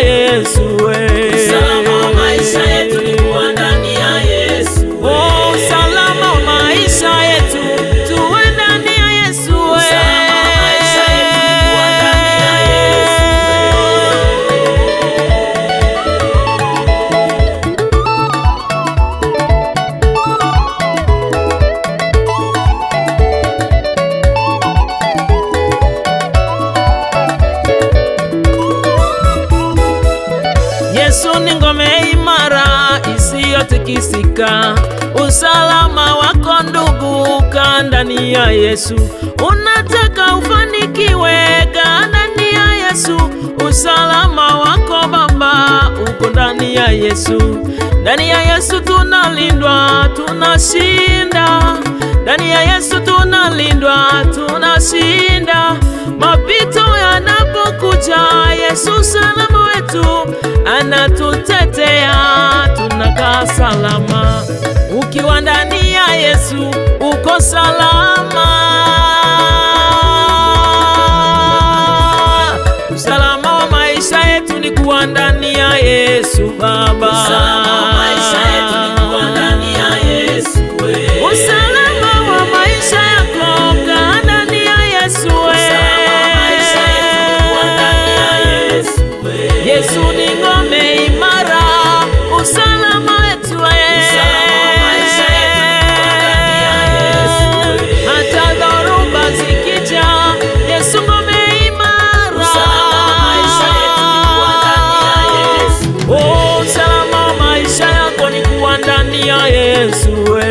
Yesu we eh. ni ngome imara isiyotikisika. Usalama wako ndugu, ka ndani ya Yesu. Unataka ufanikiwe, ka ndani ya Yesu. Usalama wako Baba uko ndani ya Yesu. Ndani ya Yesu tunalindwa, tunashinda. Ndani ya Yesu tunalindwa, tunashinda. Mapito yanapokuja, Yesu salama wetu anatutetea, tunakaa salama. Ukiwa ndani ya Yesu uko salama. Yesu eh.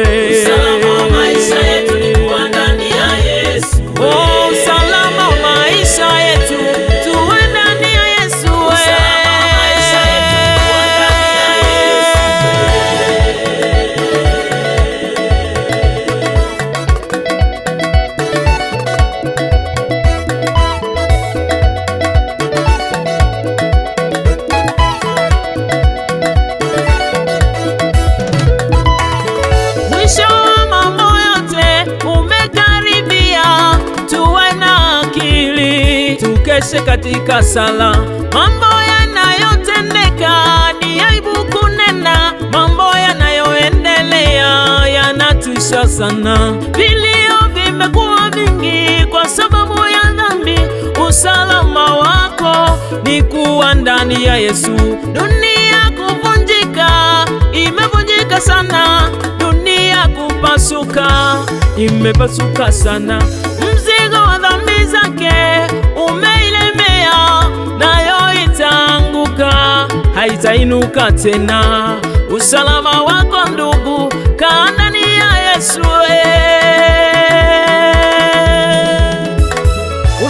tujizoeshe katika sala. Mambo yanayotendeka ni aibu kunena, mambo yanayoendelea yanatisha sana. Vilio vimekuwa vingi kwa sababu ya dhambi. Usalama wako ni kuwa ndani ya Yesu. Dunia kuvunjika, imevunjika sana. Dunia kupasuka, imepasuka sana. itainuka tena. Usalama wako ndugu, kaa ndani ya Yesu, eh.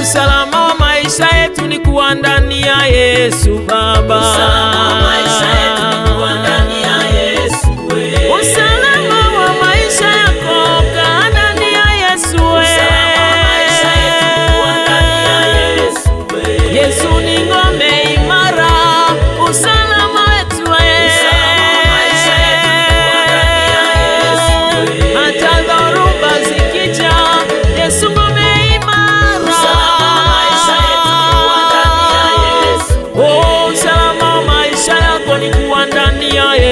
usalama wa maisha yetu ni kuwa ndani ya Yesu Baba. walikuwa ndani ya